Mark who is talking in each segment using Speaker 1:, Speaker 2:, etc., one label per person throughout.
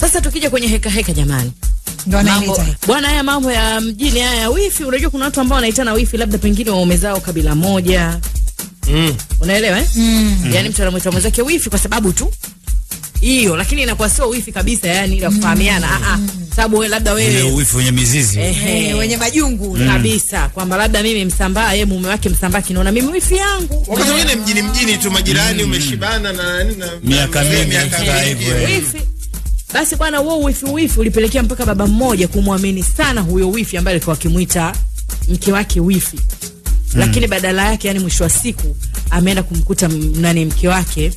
Speaker 1: Sasa tukija kwenye heka heka, jamani bwana, haya mambo ya mjini haya ya wifi, unajua kuna watu ambao wanaitana wifi, labda pengine waumezao kabila moja mm. unaelewa eh? mm.
Speaker 2: Yani mtu anamwita mwenzake
Speaker 1: wifi kwa sababu tu hiyo, lakini inakuwa sio wifi kabisa, yani ila kufahamiana ah, ah. mm. a a sababu wewe labda wewe ni
Speaker 3: wifi wenye mizizi
Speaker 1: ehe, eh, wenye majungu mm. kabisa, kwamba labda mimi Msambaa, yeye mume wake Msambaa, kinaona mimi wifi yangu.
Speaker 4: Wakati mwingine mjini mjini tu majirani, mm. umeshibana na
Speaker 3: miaka mingi, miaka hivyo
Speaker 1: wifi basi bwana, huo wifi wifi ulipelekea mpaka baba mmoja kumwamini sana huyo wifi ambaye alikuwa akimwita mke wake wifi mm. Lakini badala yake, yani mwisho wa siku ameenda kumkuta nani, mke wake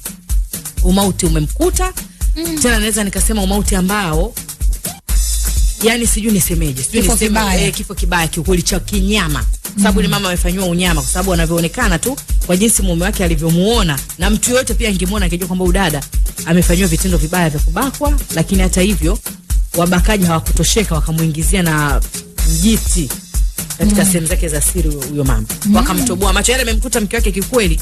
Speaker 1: umauti umemkuta mm. Tena naweza nikasema umauti ambao yani sijui nisemeje, sijui niseme eh, kifo kibaya kiukweli cha kinyama sababu ni mama amefanyiwa unyama, kwa sababu anavyoonekana tu kwa jinsi mume wake alivyomuona, na mtu yote pia angemuona angejua kwamba udada amefanyiwa vitendo vibaya vya kubakwa. Lakini hata hivyo wabakaji hawakutosheka, wakamuingizia na mjiti katika mm. sehemu zake za siri huyo mama mm. wakamtoboa macho yale, amemkuta mke wake kikweli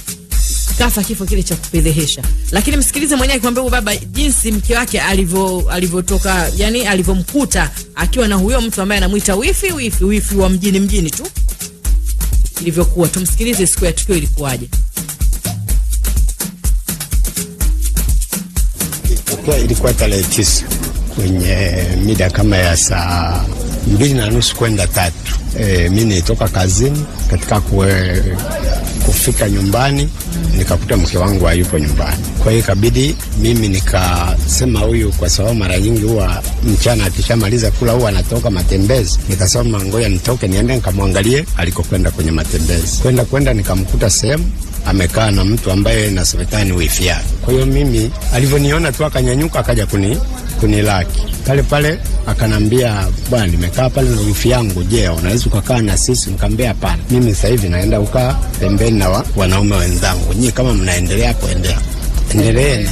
Speaker 1: kafa kifo kile cha kupelehesha. Lakini msikilize mwenyewe akikwambia huyo baba jinsi mke wake alivyo alivyotoka, yani alivyomkuta akiwa na huyo mtu ambaye anamuita wifi wifi wifi wa mjini mjini tu ilivyokuwa. Tumsikilize siku ya tukio ilikuwaje.
Speaker 3: Ilikuwa, ilikuwa tarehe tisa kwenye mida kama ya saa mbili na nusu kwenda tatu. E, eh, mi nilitoka kazini katika kue nilipofika nyumbani nikakuta mke wangu hayupo nyumbani. Kwa hiyo ikabidi mimi nikasema huyu, kwa sababu mara nyingi huwa mchana akishamaliza kula huwa anatoka matembezi, nikasema ngoja nitoke niende nikamwangalie alikokwenda kwenye matembezi. Kwenda kwenda nikamkuta sehemu amekaa na mtu ambaye nasemekana ni wifi yake. Kwa hiyo mimi alivyoniona tu akanyanyuka akaja kuni kunilaki pale pale, akanambia bwana, nimekaa pale na wifi yangu, je, unaweza ukakaa na sisi? Nikamwambia hapana, mimi sasa hivi naenda ukaa pembeni na wanaume wenzangu, nyie kama mnaendelea kuendea endeleeni.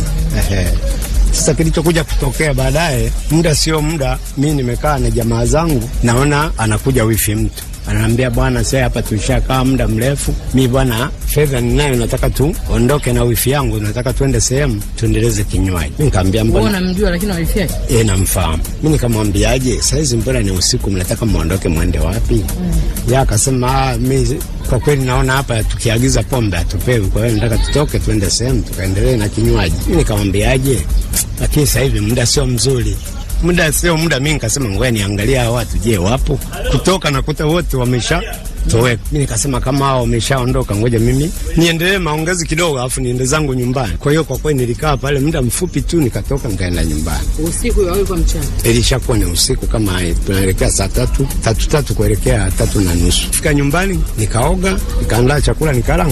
Speaker 3: Sasa kilichokuja kutokea baadaye, muda sio muda, mi nimekaa na jamaa zangu, naona anakuja wifi mtu ananiambia, bwana sasa hapa tulishakaa muda mrefu, mi bwana fedha ninayo, nataka tuondoke na wifi yangu, nataka tuende sehemu tuendeleze kinywaji. Mi nikaambia mbona, namjua
Speaker 1: lakini wifi yake e,
Speaker 3: namfahamu mi. Nikamwambiaje saizi, mbona ni usiku, mnataka mwondoke mwende wapi? Mm. ya akasema ah, mi kwa kweli naona hapa tukiagiza pombe hatupewi, kwa hiyo nataka tutoke tuende sehemu tukaendelee na kinywaji. Mi nikamwambiaje, lakini sasa hivi muda sio mzuri muda sio muda, mimi nikasema ngoja niangalia hao watu, je, wapo? Kutoka nakuta wote wamesha toweka. Mimi nikasema kama hao wameshaondoka, ngoja mimi niendelee maongezi kidogo, alafu niende zangu nyumbani. Kwa hiyo kwa kweli nilikaa pale muda mfupi tu, nikatoka nikaenda nyumbani.
Speaker 1: Usiku wao kwa mchana?
Speaker 3: Ilishakuwa ni usiku kama tunaelekea saa tatu tatu tatu kuelekea tatu na nusu. Fika nyumbani nikaoga, nikaandaa chakula, nikala,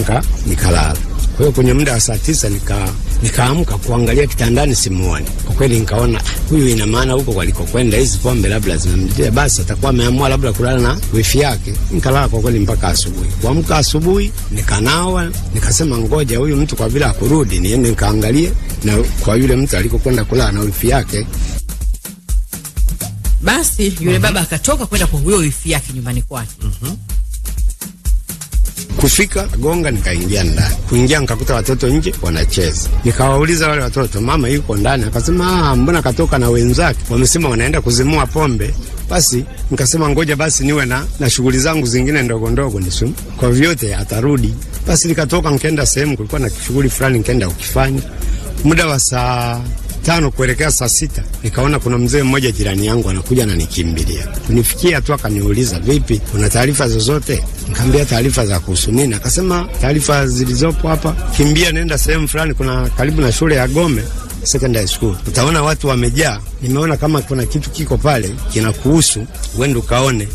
Speaker 3: nikalala. Kwa hiyo kwenye muda wa saa tisa nika nikaamka kuangalia kitandani, simuoni. Kwa kweli nikaona huyu, ina maana huko walikokwenda hizi pombe labda zimemtia, basi atakuwa ameamua labda kulala na wifi yake. Nikalala kwa kweli mpaka asubuhi. Kuamka asubuhi nikanawa, nikasema ngoja huyu mtu kwa vile akurudi, niende nikaangalie na kwa yule mtu alikokwenda kulala na wifi yake.
Speaker 1: Basi yule mm -hmm. baba akatoka kwenda kwa huyo wifi yake nyumbani kwake
Speaker 3: mm -hmm. Kufika gonga, nikaingia ndani. Kuingia nikakuta watoto nje wanacheza, nikawauliza wale watoto, mama yuko ndani? Akasema ah, mbona katoka na wenzake, wamesema wanaenda kuzimua pombe. Basi nikasema ngoja basi niwe na, na shughuli zangu zingine ndogo ndogo nisum, kwa vyote atarudi. Basi nikatoka nikaenda sehemu, kulikuwa na shughuli fulani nikaenda ukifanya muda wa saa tano kuelekea saa sita nikaona kuna mzee mmoja jirani yangu anakuja nanikimbilia kunifikia tu akaniuliza, vipi, kuna taarifa zozote? nkaambia taarifa za kuhusu nini? Akasema taarifa zilizopo hapa, kimbia, nenda sehemu fulani, kuna karibu na shule ya Gome secondary school utaona watu wamejaa. Nimeona kama kuna kitu kiko pale kinakuhusu, uende ukaone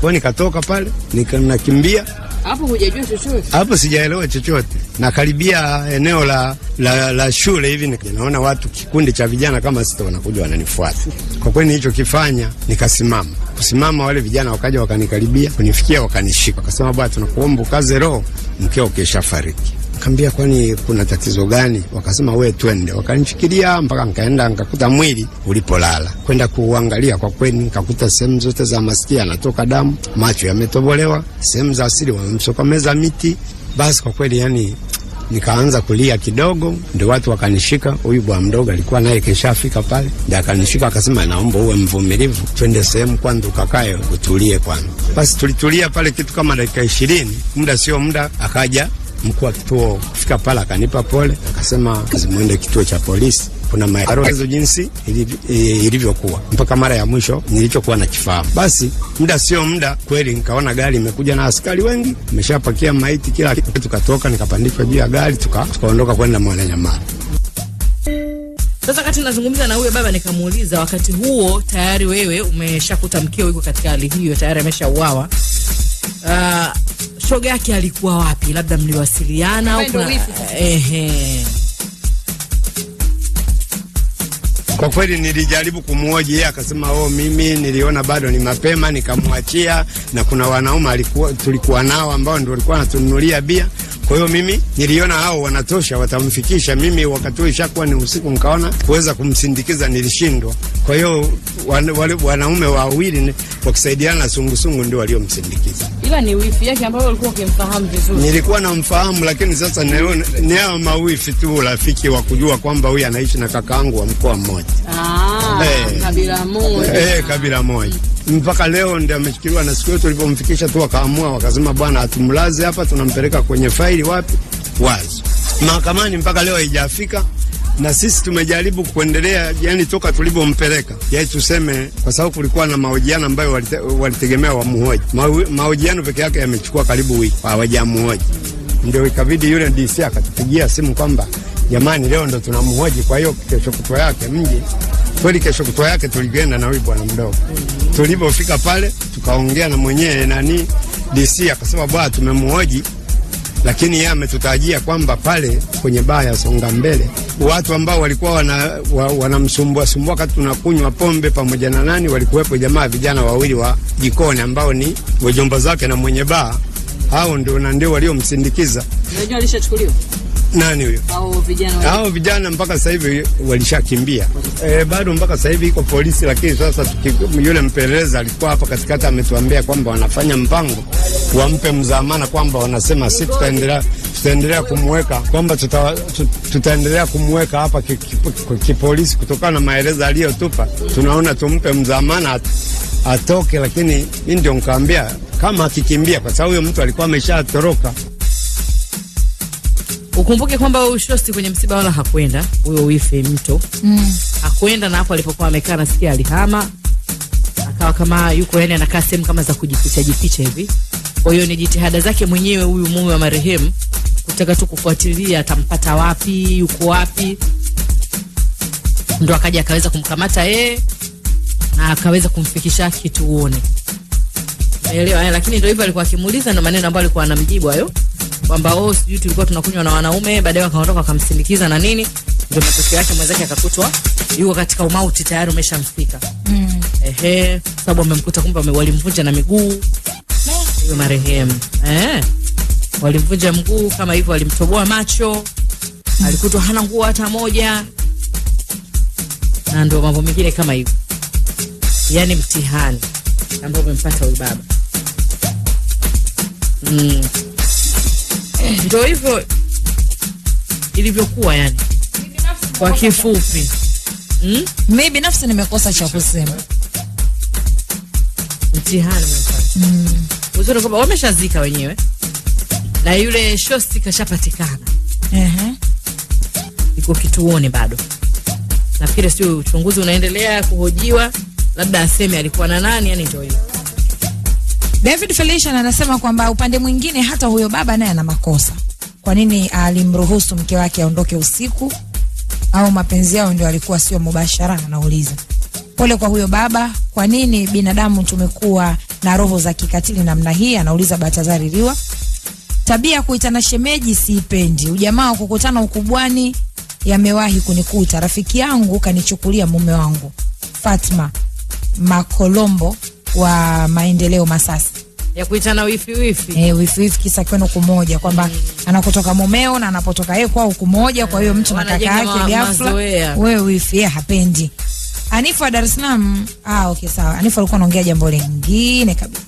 Speaker 3: kwao. Nikatoka pale nikanakimbia
Speaker 1: hapo hujajua chochote?
Speaker 3: Hapo sijaelewa chochote. nakaribia eneo la, la, la shule hivi naona watu kikundi cha vijana kama sita wanakuja wananifuata. Kwa kweli nilichokifanya nikasimama. Kusimama wale vijana wakaja wakanikaribia, kunifikia wakanishika. Wakasema bwana, tunakuomba ukaze roho mkeo kesha fariki. Kambia, kwani kuna tatizo gani? Wakasema we twende, wakanifikiria mpaka nkaenda nkakuta mwili ulipolala. Kwenda kuuangalia kwa kweni, nkakuta sehemu zote za masikia anatoka damu, macho yametobolewa, sehemu za asili wamemsokomeza miti. Basi kwa kweli, yani nikaanza kulia kidogo, ndio watu wakanishika. Huyu bwa mdogo alikuwa naye keshafika pale, ndio akanishika akasema, naomba uwe mvumilivu, twende sehemu kwanza ukakae utulie kwanza. Basi tulitulia pale kitu kama dakika ishirini, muda sio muda akaja mkuu wa kituo kufika pale, akanipa pole, akasema zimuende kituo cha polisi kuna maelezo jinsi e, ilivyokuwa mpaka mara ya mwisho nilichokuwa na Basi muda sio muda, kweli nikaona gari imekuja na askari wengi, ameshapakia maiti kila kitu, tukatoka, nikapandishwa juu ya gari, tukaondoka kwenda Mwananyamala.
Speaker 1: Sasa kati nazungumza na huyo baba nikamuuliza, wakati huo tayari wewe umeshakuta mkeo yuko katika hali hiyo tayari ameshauawa. Uh, shoga yake alikuwa wapi? Labda mliwasiliana au kuna ehe.
Speaker 3: Kwa kweli nilijaribu kumhoji yeye, akasema oh, mimi niliona bado ni mapema, nikamwachia na kuna wanaume alikuwa tulikuwa nao ambao ndio walikuwa wanatununulia bia. Kwa hiyo mimi niliona hao wanatosha, watamfikisha. Mimi wakati huo ishakuwa ni usiku, nikaona kuweza kumsindikiza nilishindwa. Kwa hiyo wanaume wawili wakisaidiana na sungusungu ndio waliomsindikiza
Speaker 1: ila ni wifi yake ambayo ulikuwa ukimfahamu vizuri.
Speaker 3: Nilikuwa namfahamu, lakini sasa ni hawa mawifi tu, urafiki wa kujua kwamba huyu anaishi na kakaangu wa mkoa mmoja.
Speaker 1: Ah, hey, eh. kabila moja
Speaker 3: hey, eh, kabila moja mpaka leo ndio ameshikiliwa, na siku yetu ulipomfikisha tu wakaamua wakasema, bwana, atumlaze hapa, tunampeleka kwenye faili wapi wazi mahakamani, mpaka leo haijafika na sisi tumejaribu kuendelea, yani toka tulivyompeleka yai, tuseme kwa sababu kulikuwa na mahojiano ambayo walitegemea wamuhoji. Mahojiano peke yake yamechukua karibu wiki, hawajamuhoji. Ndio ikabidi yule DC akatupigia simu kwamba jamani, leo ndo tunamhoji. Kwa hiyo kesho kutwa yake mje kweli kesho kutwa yake tulikwenda na huyu bwana mdogo. tulivyofika pale tukaongea na mwenyewe nani DC akasema, bwana tumemhoji lakini yeye ametutajia kwamba pale kwenye baa ya Songa Mbele watu ambao walikuwa wanamsumbua wa, sumbua wakati tunakunywa pombe pamoja na nani, walikuwepo jamaa vijana wawili wa jikoni ambao ni wajomba zake na mwenye baa, hao ndio na ndio waliomsindikiza. alishachukuliwa nani huyo hao vijana mpaka sasa hivi walishakimbia. Eh, bado mpaka sasa hivi iko polisi, lakini sasa yule mpeleleza alikuwa hapa katikati ametuambia kwamba wanafanya mpango wampe mzamana, kwamba wanasema si tutaendelea tutaendelea kumweka kwamba tuta, tutaendelea kumweka hapa kipolisi ki, ki kutokana na maelezo aliyotupa, tunaona tumpe mzamana atoke, lakini mi ndio nkaambia kama akikimbia, kwa sababu huyo mtu alikuwa ameshatoroka.
Speaker 1: Ukumbuke kwamba huyu shosti kwenye msiba wala hakwenda huyo wife mto mm. hakwenda na hapo alipokuwa amekaa, nasikia alihama akawa kama yuko yani anakaa sehemu kama za kujificha jificha hivi. Kwa hiyo ni jitihada zake mwenyewe huyu mume wa marehemu kutaka tu kufuatilia atampata wapi, yuko wapi, ndo akaja akaweza kumkamata yeye na akaweza kumfikisha kitu uone Naelewa, lakini ndio hivyo alikuwa akimuuliza, na maneno ambayo alikuwa anamjibu hayo kwamba oh, sijui tulikuwa tunakunywa na wanaume, baadaye wakaondoka wakamsindikiza na nini, ndio matokeo yake mwenzake akakutwa yuko katika umauti tayari umeshamfika. Mm. Ehe, sababu amemkuta kumbe walimvunja na miguu huyo marehemu eh, walimvunja mguu kama hivyo, walimtoboa macho, alikutwa hana nguo hata moja, na ndio mambo mengine kama hivyo, yani mtihani ambao umempata huyu baba mm. Ndio hivyo ilivyokuwa yani, kwa kifupi. Mm?
Speaker 2: Mimi binafsi nimekosa cha kusema.
Speaker 1: Mtihani umefanya. Mm. Uzuri kwamba wameshazika wenyewe na yule shosti kashapatikana. Ehe. Iko kituoni bado. Nafikiri sio uchunguzi unaendelea kuhojiwa, labda aseme alikuwa na nani, yani ndio hivyo.
Speaker 2: David Felician anasema kwamba upande mwingine hata huyo baba naye ana makosa. Kwa nini alimruhusu mke wake aondoke usiku? Au mapenzi yao ndio alikuwa sio mubashara? Anauliza. Pole kwa huyo baba. Kwa nini binadamu tumekuwa na roho za kikatili namna hii? Anauliza Batazari Liwa. Tabia ya kuitana shemeji siipendi. Ujamaa wa kukutana ukubwani yamewahi kunikuta. Rafiki yangu kanichukulia mume wangu. Fatma Makolombo wa maendeleo Masasi
Speaker 1: ya kuitana wifi wifi.
Speaker 2: Eh, wifi wifi kisa kwenu kumoja kwamba mm. anakotoka mumeo na anapotoka yeye kwao kumoja, kwa hiyo eh, mtu na kaka yake ghafla wewe wifi yeye hapendi. Anifu wa Dar es Salaam. Ah, okay sawa. Anifu alikuwa anaongea jambo lingine kabisa.